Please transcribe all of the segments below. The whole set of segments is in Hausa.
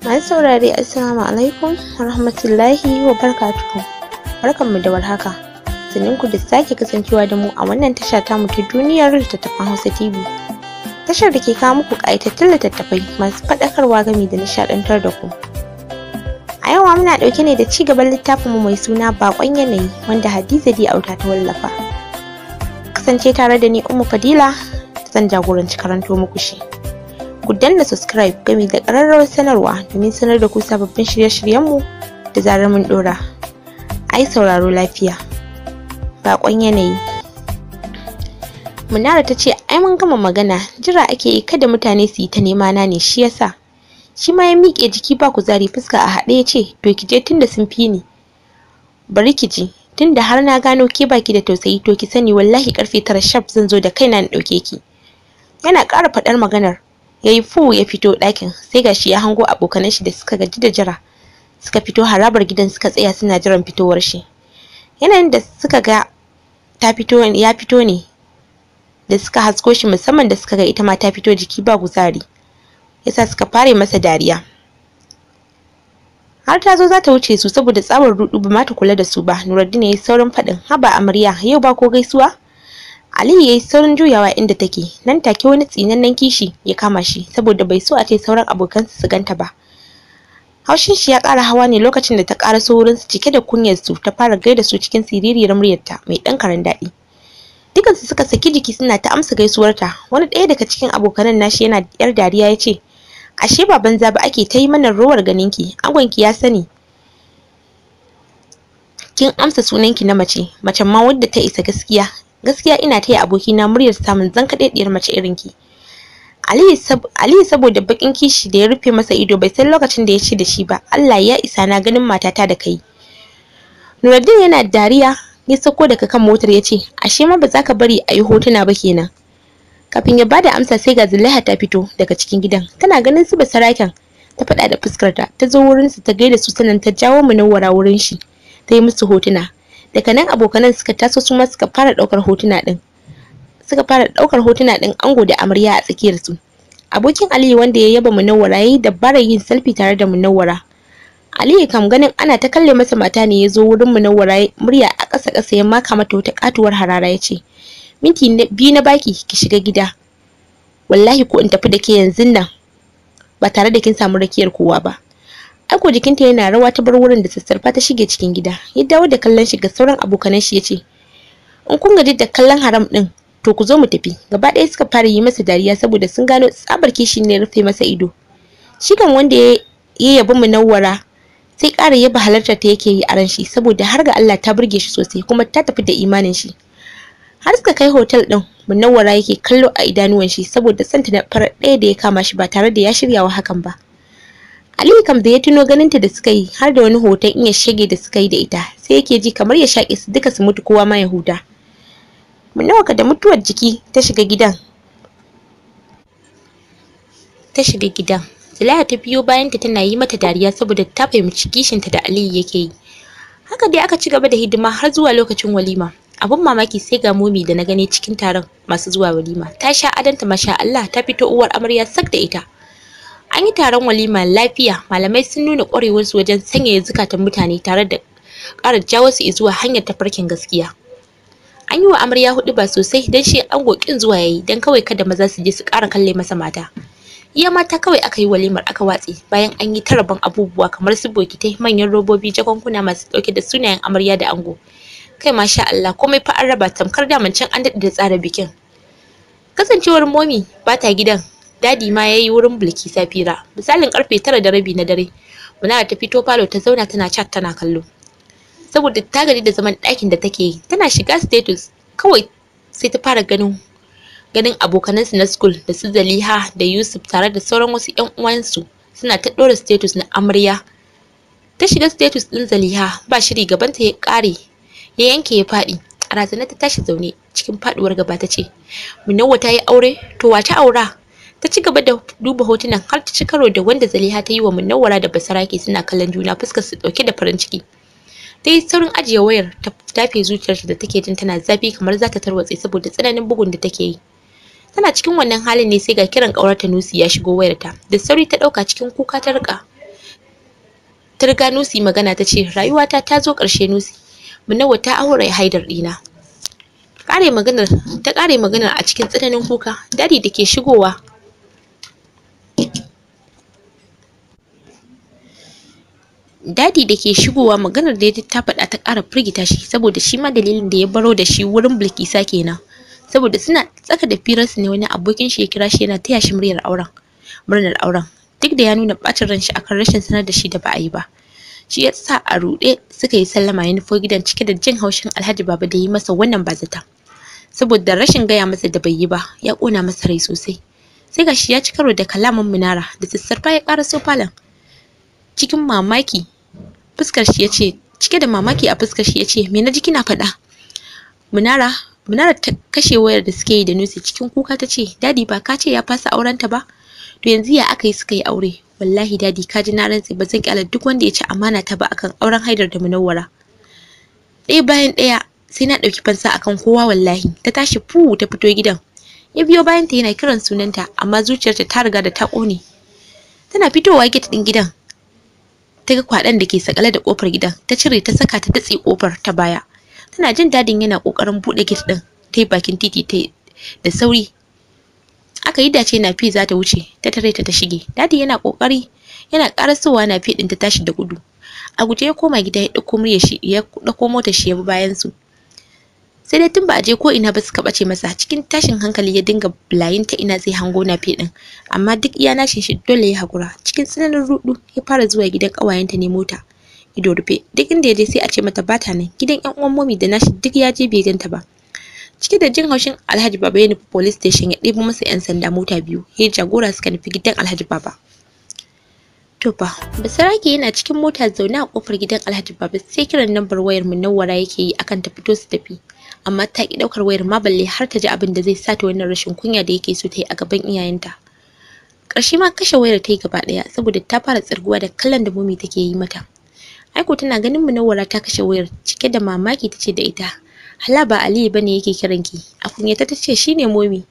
Masu saurare Assalamu alaikum wa rahmatullahi wa barakatuhu. Barkanmu da warhaka. Sannan ku da sake kasancewa da mu a wannan tasha ta mutu duniyar littattafan Hausa TV. Tashar da ke kawo muku ƙayatattun littattafai masu faɗakarwa game da nishaɗantar da ku. A yau muna ɗauke ne da ci gaban littafinmu mai suna Baƙon Yanayi wanda Hadiza Di Auta ta wallafa. Kasance tare da ni Ummu Fadila zan jagoranci karanto muku shi. ku danna subscribe gami da ƙararrawar sanarwa domin sanar da ku sababbin shirye-shiryenmu da zarar mun ɗora. Ai sauraro lafiya. Baƙon yanayi. Munara ta ce ai mun gama magana jira ake yi kada mutane su yi ta nema na ne shi yasa. Shi ma ya miƙe jiki ba kuzari fuska a haɗe ya ce to ki je tunda sun fi ni. Bari ki ji tunda har na gano ke baki da tausayi to ki sani wallahi karfe tara shaf zan zo da kaina na ɗauke ki. Yana ƙara faɗar maganar ya yi fu ya fito ɗakin sai gashi ya hango abokanan shi da suka gaji da jira suka fito harabar gidan suka tsaya suna jiran fitowar shi yanayin da suka ga ta fito ya fito ne da suka hasko shi musamman da suka ga ita ma ta fito jiki ba guzari yasa suka fare masa dariya har ta zo za ta wuce su saboda tsawon rudu ba ma ta kula da su ba Nuruddin ya yi saurin faɗin haba amarya yau ba ko gaisuwa Aliyu yayi saurin juyawa inda take, nan take wani tsinannen kishi ya kama shi saboda bai so a ce sauran abokansa su ganta ba. Haushin shi ya ƙara hawa ne lokacin da ta ƙara so su cike da kunyar su ta fara gaida su cikin siririyar muryarta mai ɗan karan daɗi. Dukansu suka saki jiki suna ta amsa gaisuwarta, wani ɗaya daga cikin abokanan nashi yana da yar dariya ya ce, Ashe baban banza ake ta yi mana rowar ganinki, angonki ya sani. Kin amsa sunanki na mace, macen ma wadda ta isa gaskiya, gaskiya ina taya abokina muryar samun zankaɗaɗɗiyar mace irin ki Aliyu saboda bakin kishi da ya rufe masa ido bai san lokacin da ya ce da shi ba Allah ya isa na ganin matata da kai Nuruddin yana dariya ya sako daga kan motar ya ce ashe ma ba za ka bari ayi hotuna ba kenan kafin ya bada amsa sai ga Zulaiha ta fito daga cikin gidan tana ganin su ba saraken ta faɗa da fuskarta ta zo wurin su ta gaida su sanan ta jawo munawwara wurin shi ta yi musu hotuna daga nan abokanan suka taso su ma suka fara ɗaukar hotuna din suka fara daukar hotuna ango da amarya a tsakiyar su abokin aliyu wanda ya yaba munawwara yayi yi dabarar yin selfie tare da munawwara aliyu kam ganin ana ta kalle masa mata ne ya zo wurin munawwara murya a ƙasa ƙasa ya maka mata wata katuwar harara ya ce minti biyu na baki ki shiga gida wallahi ko in tafi da ke yanzu nan ba tare da kin samu rakiyar kowa ba aiko jikinta yana rawa ta bar wurin da sassarfa ta shige cikin gida ya dawo da kallon shi ga sauran abokanan shi yace in kun gaji da kallon haram din to ku zo mu tafi gaba ɗaya suka fara yi masa dariya saboda sun gano tsabar kishi ne rufe masa ido shi kan wanda ya yabi munawwara sai ƙara yaba halartar ta yake yi a ran shi saboda har ga Allah ta burge shi sosai kuma ta tafi da imanin shi har suka kai hotel din munawwara yake kallo a idanuwan shi saboda santa na fara ɗaya da ya kama shi ba tare da ya shirya wa hakan ba Aliyu kam da ya tuno ganinta da suka yi har da wani hoton iya shige da suka yi da ita sai yake ji kamar ya shaƙe su duka su mutu kowa ma ya huta. nawa ka da mutuwar jiki ta shiga gidan. Ta shiga gidan. Zulaiha ta biyo bayanta tana yi mata dariya saboda ta fahimci kishinta da Aliyu yake yi. Haka dai aka ci gaba da hidima har zuwa lokacin walima. abin mamaki sai ga momi da na gane cikin taron masu zuwa walima. Ta sha adanta masha Allah ta fito uwar amarya sak da ita. an yi taron walima lafiya malamai sun nuna ƙwarewarsu wajen sanyaya zukatan mutane tare da ƙara jawo su zuwa hanyar tafarkin gaskiya an yi wa amarya hudu ba sosai don shi ango kin zuwa yayi don kawai kada maza su je su ƙara kalle masa mata iya mata kawai aka yi walimar aka watse bayan an yi taraban abubuwa kamar su bokitai manyan robobi jakunkuna masu ɗauke da sunayen amarya da ango kai masha Allah komai fa an raba tamkar daman can an daɗe da tsara bikin kasancewar momi ba ta gidan dadi ma ya yi wurin bilkisa fira misalin karfe tara da rabi na dare munara ta fito falo ta zauna tana chat tana kallo saboda ta gaji da zaman ɗakin da take yi tana shiga status kawai sai ta fara ganin ganin abokanansu na school da su Zaliha da Yusuf tare da sauran wasu ƴan uwansu suna ta ɗora status na amarya ta shiga status ɗin Zaliha ba shiri gabanta ya kare. ya yanke ya faɗi a razana ta tashi zaune cikin faɗuwar gaba ta ce Minawwa ta yi aure to wace aura ta ci gaba da duba hotunan har ta ci karo da wanda Zaliha ta yi wa Munawwara da ke suna kallon juna fuskar su dauke da farin ciki ta yi saurin ajiye wayar ta tafe zuciyarta da take jin tana zafi kamar za ta tarwatse saboda tsananin bugun da take yi tana cikin wannan halin ne sai ga kiran ƙaurarta Nusi ya shigo wayarta da sauri ta dauka cikin kuka ta rika ta riga Nusi magana ta ce rayuwata ta zo ƙarshe Nusi Munawwa ta aure Haidar dina kare maganar ta kare maganar a cikin tsananin kuka dadi da ke shigowa dadi da ke shigowa maganar da ya ta faɗa ta ƙara firgita shi saboda shi ma dalilin da ya baro da shi wurin bilkisa kenan saboda suna tsaka da firarsu ne wani abokin shi ya kira shi yana taya shi muryar auren murnar auren duk da ya nuna ɓacin ran shi akan rashin sanar da shi da ba a yi ba shi ya sa a ruɗe suka yi sallama ya nufo gidan cike da jin haushin alhaji baba da yi masa wannan bazata saboda rashin gaya masa da bai yi ba ya ƙona masa rai sosai sai gashi ya ci karo da kalamin munara da sassarfa ya ƙara so falon cikin mamaki fuskar shi yace cike da mamaki a fuskar shi ya me na kina faɗa munara munara ta kashe wayar da suke yi da nusi cikin kuka ta ce dadi ba ka ce ya fasa aurenta ba to yanzu ya aka yi suka yi aure wallahi dadi ka ji na rantse ba zan kyala duk wanda ya ci amana ta ba akan auren haidar da munawwara ɗaya bayan ɗaya sai na ɗauki fansa akan kowa wallahi ta tashi fu ta fito gidan ya biyo bayan ta yana kiran sunanta amma zuciyarta ta riga da ta ƙone tana fitowa gidan ta ga kwaɗan da ke sakale da ƙofar gidan ta cire ta saka ta datse kofar ta baya tana jin dadin yana kokarin buɗe gate din ta bakin titi ta da sauri aka yi dace na fi za ta wuce ta tare ta ta shige dadi yana kokari yana ƙarasowa na fi ɗin ta tashi da gudu a guje ya koma gida ya ɗauko murya shi ya dauko motar shi ya bi bayan su sai dai tun ba a je ko ina ba suka bace masa cikin tashin hankali ya dinga bulayin ta ina zai hango na fe din amma duk iya nashin shi dole ya hakura cikin tsananin rudu ya fara zuwa gidan kawayenta ne mota ido rufe duk inda ya je sai a ce mata bata nan gidan yan uwan momi da nashi duk ya je bai ganta ba cike da jin haushin alhaji baba ya nufi police station ya ɗebo masa yan sanda mota biyu ya jagora suka nufi gidan alhaji baba to fa basarake yana cikin mota zaune a kofar gidan alhaji baba sai kiran lambar wayar mu nawara yake yi akan ta fito su tafi amma ta ki daukar wayar ma balle har ta ji abin da zai sa ta wannan rashin kunya da yake so ta yi a gaban iyayenta karshe ma kashe wayar ta yi gaba ɗaya saboda ta fara tsirguwa da kallon da mumi take yi mata aiko tana ganin munawwara ta kashe wayar cike da mamaki tace da ita hala ba aliyu bane yake kiran kiranki a ta tace shine momi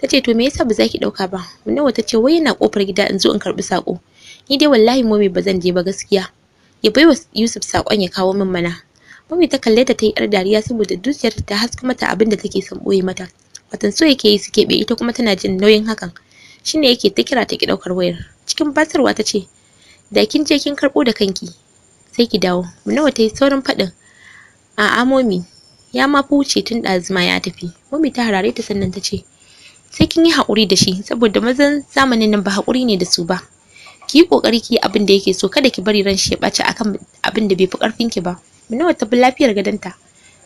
tace to me yasa ba za ki dauka ba Munawwa tace wai yana kofar gida in zo in karbi sako ni dai wallahi momi ba zan je ba gaskiya ya baiwa Yusuf sakon ya kawo min mana Mami ta kalle ta ta yi yar dariya saboda dukiyar ta haska mata abin da take son boye mata. Watan so yake yi su keɓe ita kuma tana jin nauyin hakan. Shine yake ta kira ta ki ɗaukar wayar. Cikin basarwa ta ce, da kin je kin karɓo da kanki sai ki dawo. Munawa ta yi saurin faɗin. A'a momi, ya ma wuce tun ɗazuma ya tafi. Momi ta harare ta sannan ta ce, sai kin yi haƙuri da shi saboda mazan zamanin nan ba haƙuri ne da su ba. Ki yi ƙoƙari ki yi abin da yake so kada ki bari ran shi ya ɓaci akan abin da bai fi ƙarfinki ba. Manawa ta bi lafiyar gadonta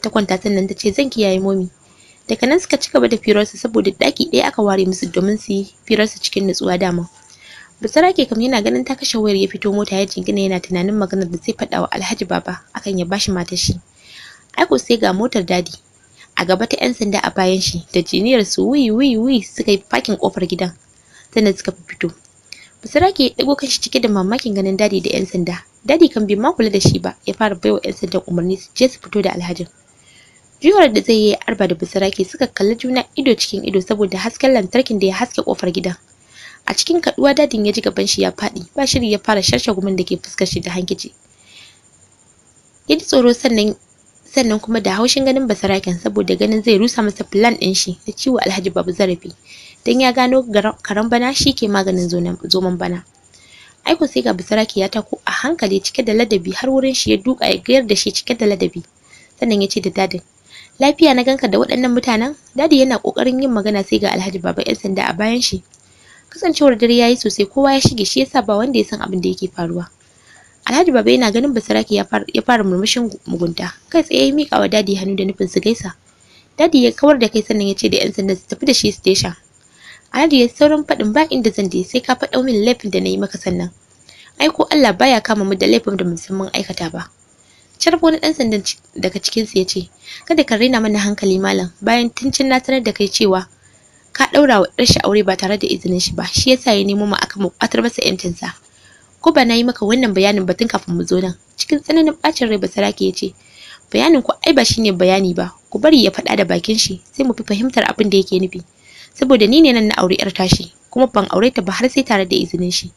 ta kwanta sannan ta ce zan kiyaye momi daga nan suka ci gaba da firarsa, saboda daki ɗaya aka ware musu domin su yi firarsa cikin nutsuwa dama basara ke kam yana ganin ta kashe wayar ya fito mota ya jingina yana tunanin maganar da zai faɗa wa alhaji baba akan ya bashi matar shi aiko sai ga motar dadi a gaba ta yan sanda a bayan shi da jiniyar su wuyi wuyi wuyi suka yi fakin kofar gidan sannan suka fito basara ke ɗago kanshi cike da mamakin ganin dadi da yan sanda dadi kan bi ma kula da shi ba ya fara baiwa yan sandan umarni su je su fito da alhajin juyar da zai yi arba da bisiraki suka kalli juna ido cikin ido saboda hasken lantarkin da ya haske kofar gidan a cikin kaduwa dadin ya ji gaban shi ya faɗi ba shiri ya fara sharshe gumin da ke fuskar shi da hankici ya ji tsoro sannan sannan kuma da haushin ganin basaraken saboda ganin zai rusa masa plan ɗin shi na ciwo alhaji babu zarafi don ya gano karan bana shi ke maganin zoman bana Aiko sai ga Basarake ya tako a hankali cike da ladabi har wurin shi ya duka ya gayar da shi cike da ladabi. Sannan ya ce da dadin, lafiya na ganka da waɗannan mutanen? Dadi yana ƙoƙarin yin magana sai ga Alhaji Baba 'yan sanda a bayan shi. Kasancewar dare ya yi sosai kowa ya shige shi yasa ba wanda ya san abin da yake faruwa. Alhaji Baba yana ganin basaraki ya fara ya fara murmushin mugunta. Kai tsaye ya mika wa Dadi hannu da nufin su gaisa. Dadi ya kawar da kai sannan ya ce da 'yan sanda su tafi da shi station. Aliya sauran faɗin ba inda zan je sai ka faɗo min laifin da na yi maka sannan. Ai ko Allah baya kama mu da laifin da musamman aikata ba. Carbo na ɗan sandan daga cikinsu ya ce, Kada ka raina mana hankali malam bayan tuncin na sanar da kai cewa ka ɗaura wa ɗar aure ba tare da izinin shi ba shi yasa ya nemo ma aka mu ƙwatar masa ƴancinsa. Ko ba na yi maka wannan bayanin batun kafin mu zo nan cikin tsananin ɓacin rai basarake ya ce bayanin ku ai ba shine bayani ba ku bari ya faɗa da bakin shi sai mu fi fahimtar abin da yake nufi. saboda ni ne nan na aure yar tashi kuma ban aure ta ba har sai tare da izinin shi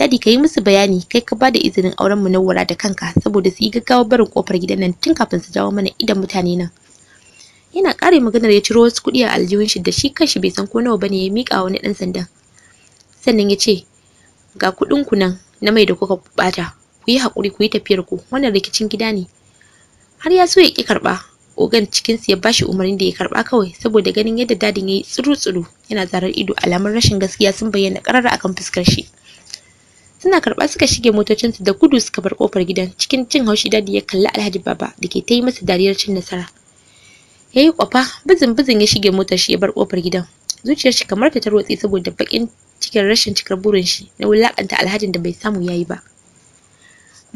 dadi ka yi musu bayani kai ka bada izinin auren munawwara da kanka saboda su yi gaggawa barin kofar gidan nan tun kafin su jawo mana idan mutane nan yana kare maganar ya ciro wasu kuɗi a aljihun shi da shi kanshi bai san ko nawa bane ya mika wani dan sandan sannan ya ce ga kuɗin ku nan na mai da kuka bata ku yi hakuri ku yi tafiyar ku wannan rikicin gida ne har ya so ya ki karɓa. ogan cikinsu ya bashi umarnin da ya karba kawai saboda ganin yadda dadin ya yi tsuru-tsuru yana zarar ido alamar rashin gaskiya sun bayyana karara akan fuskar shi suna karba suka shige motocinsu da gudu suka bar kofar gidan cikin cin haushi dadi ya kalli alhaji baba da ke ta yi masa dariyar cin nasara ya yi kwafa bizin-bizin ya shige motar shi ya bar kofar gidan zuciyar shi kamar ta tarwatse saboda bakin cikin rashin cikar burin shi na wulakanta alhajin da bai samu yayi ba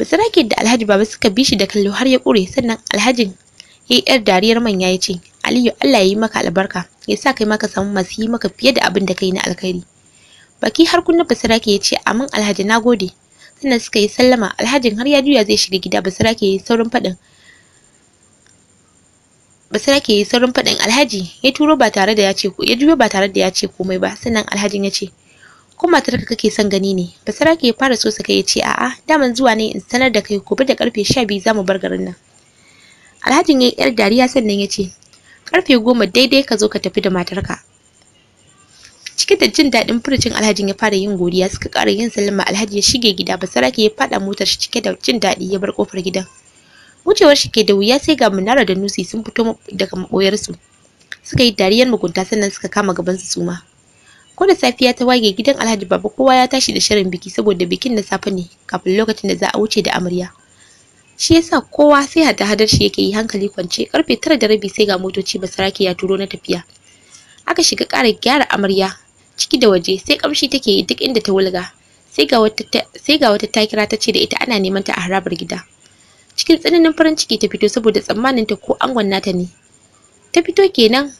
basarake da alhaji baba suka bi shi da kallo har ya kure sannan alhajin yayi yar dariyar manya ya ce aliyu allah ya yi maka albarka ya sa kai maka samu masu yi maka fiye da abin da kai na alkhairi baki har kunna basirake ya amin alhaji na gode sannan suka yi sallama alhajin har ya juya zai shiga gida basirake ke yi saurin faɗin basirake saurin fadin alhaji ya turo ba tare da ya ce ya juyo ba tare da ya ce komai ba sannan alhajin ya ce ko matar ka kake son gani ne basirake ya fara so saka ya ce a'a daman zuwa ne in sanar da kai gobe da karfe 12 zamu bar garin nan alhajin ya yi yar dariya sannan ya ce karfe goma daidai ka zo ka tafi da matarka cike da jin daɗin furucin alhajin ya fara yin godiya suka ƙara yin sallama alhaji ya shige gida ba basarake ya faɗa motar shi cike da jin daɗi ya bar ƙofar gidan wucewar shi ke da wuya sai ga munara da nusi sun fito daga maɓoyarsu suka yi dariyar mugunta sannan suka kama gaban su suma ko da safiya ta wage gidan alhaji baba kowa ya tashi da shirin biki saboda bikin na safe ne kafin lokacin da za a wuce da amarya shi yasa kowa sai hada hadar shi yake yi hankali kwance karfe tara da rabi sai ga motoci basarake ya turo na tafiya aka shiga ƙara gyara amarya ciki da waje sai kamshi take yi duk inda ta wulga sai ga wata sai ga wata takira ta ce da ita ana neman ta a harabar gida cikin tsananin farin ciki ta fito saboda tsammanin ta ko angon nata ne ta fito kenan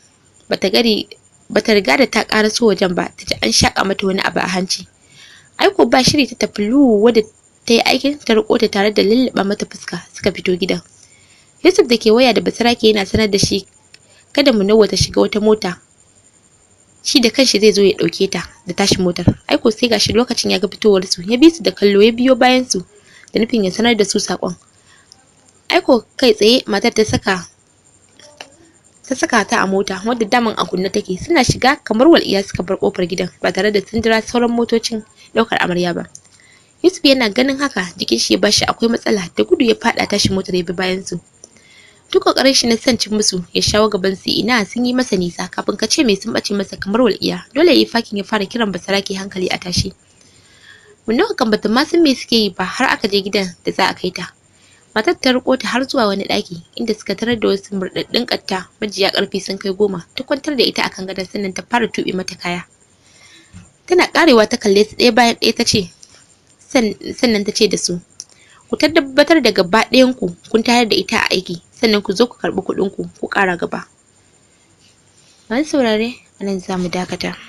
bata gari bata riga da ta ƙara so wajen ba ta ji an shaka mata wani abu a hanci Aiko ba shiri ta tafi luwa da ta yi aikin ta riko ta tare da lulluba mata fuska suka fito gidan yusuf da ke waya da basirake yana sanar da shi kada mu nawa ta shiga wata mota shi da kanshi zai zo ya dauke ta da tashi motar aiko sai gashi lokacin ya ga fitowar su ya bi su da kallo ya biyo bayan su da nufin ya sanar da su sakon aiko kai tsaye matar ta saka ta saka ta a mota wadda daman a kunne take suna shiga kamar iya suka bar kofar gidan ba tare da sun sauran motocin ɗaukar amarya ba Yusuf yana ganin haka jikin shi ya bashi akwai matsala da gudu ya fada tashi motar ya bi bayan su. Duk kokarin shi na cin musu ya shawo gaban su ina sun yi masa nisa kafin ka ce mai sun bace masa kamar walƙiya dole yayi fakin ya fara kiran basaraki hankali a tashi. nuka kan bata ma sun me suke yi ba har aka je gidan da za a kai ta. Matar ta riko ta har zuwa wani ɗaki inda suka tarar da wasu murɗaɗɗun ƙatta majiya ƙarfi sun kai goma ta kwantar da ita akan gadon sannan ta fara tuɓe mata kaya. Tana ƙarewa ta kalle su ɗaya bayan ɗaya ta ce sannan ta ce da su ku tabbatar da gaba ɗayan ku kun tayar da ita a aiki sannan ku zo ku karɓi kuɗin ku ku ƙara gaba masu saurare a nan za mu dakata